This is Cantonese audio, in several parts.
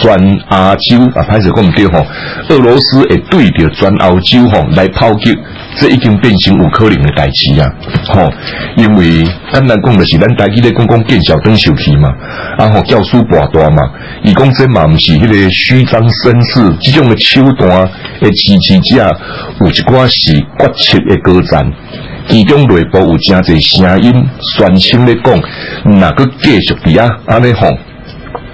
全亞洲啊，歹勢講毋對吼！俄羅斯會對着全歐洲吼來炮擊，這已經變成有可能的代志啊吼，因為咱難講的是咱家己咧講講變小短手氣嘛，然、啊、後教書博大嘛，伊講即嘛毋是迄個虛張聲勢，即種嘅手段，誒，支持者有一寡是決策嘅高層，其中內部有真儕聲音，專心咧講，若擱繼續佇啊？安尼吼。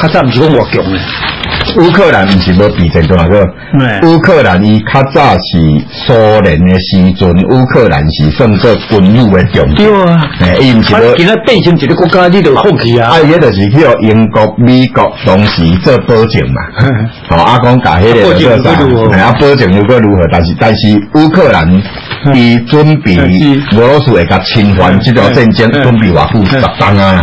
他早毋是講外強誒，烏克蘭毋是要比前段個，烏、就是、克蘭伊較早是蘇聯嘅時陣，烏克蘭是算做軍旅嘅強。對啊，伊、欸、唔是要、啊、變成一個國家呢度控制啊？哎，也就是叫英國、美國同時做保證嘛。好，阿公講起咧就講，啊，保證又該如何？但是但是烏克蘭伊準備俄羅斯佮侵犯這條戰爭，準備話負十當啊。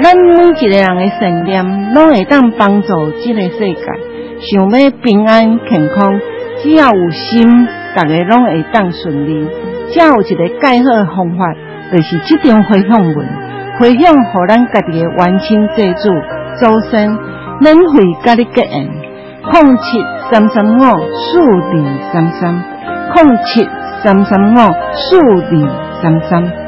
咱每一個人嘅信念，攏會當幫助這個世界。想要平安健康，只要有心，逐個攏會當順利。才有一個較好嘅方法，就是即張回向文，回向，互咱家己嘅冤親債主，周生、免費、甲你結緣。空七三三五，豎定三三，空七三三五，豎定三三。